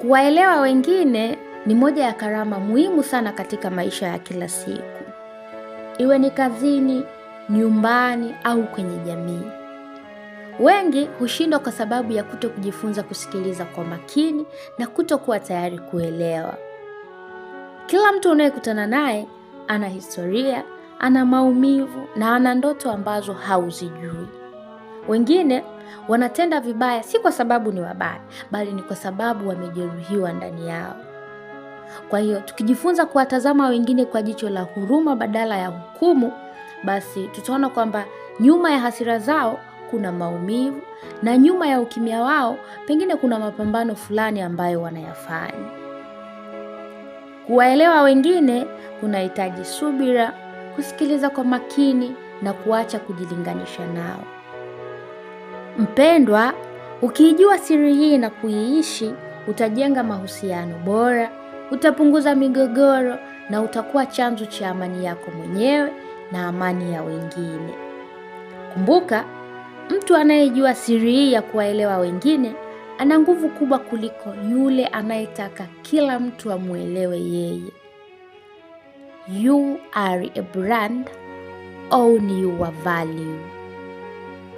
Kuwaelewa wengine ni moja ya karama muhimu sana katika maisha ya kila siku, iwe ni kazini, nyumbani au kwenye jamii. Wengi hushindwa kwa sababu ya kuto kujifunza kusikiliza kwa makini na kutokuwa tayari kuelewa. Kila mtu unayekutana naye ana historia, ana maumivu na ana ndoto ambazo hauzijui. Wengine wanatenda vibaya si kwa sababu ni wabaya, bali ni kwa sababu wamejeruhiwa ndani yao. Kwa hiyo tukijifunza kuwatazama wengine kwa jicho la huruma badala ya hukumu, basi tutaona kwamba nyuma ya hasira zao kuna maumivu na nyuma ya ukimya wao pengine kuna mapambano fulani ambayo wanayafanya. Kuwaelewa wengine kunahitaji subira, kusikiliza kwa makini na kuacha kujilinganisha nao. Mpendwa, ukiijua siri hii na kuiishi, utajenga mahusiano bora, utapunguza migogoro na utakuwa chanzo cha amani yako mwenyewe na amani ya wengine. Kumbuka, mtu anayejua siri hii ya kuwaelewa wengine ana nguvu kubwa kuliko yule anayetaka kila mtu amwelewe yeye. You are a brand, own your value.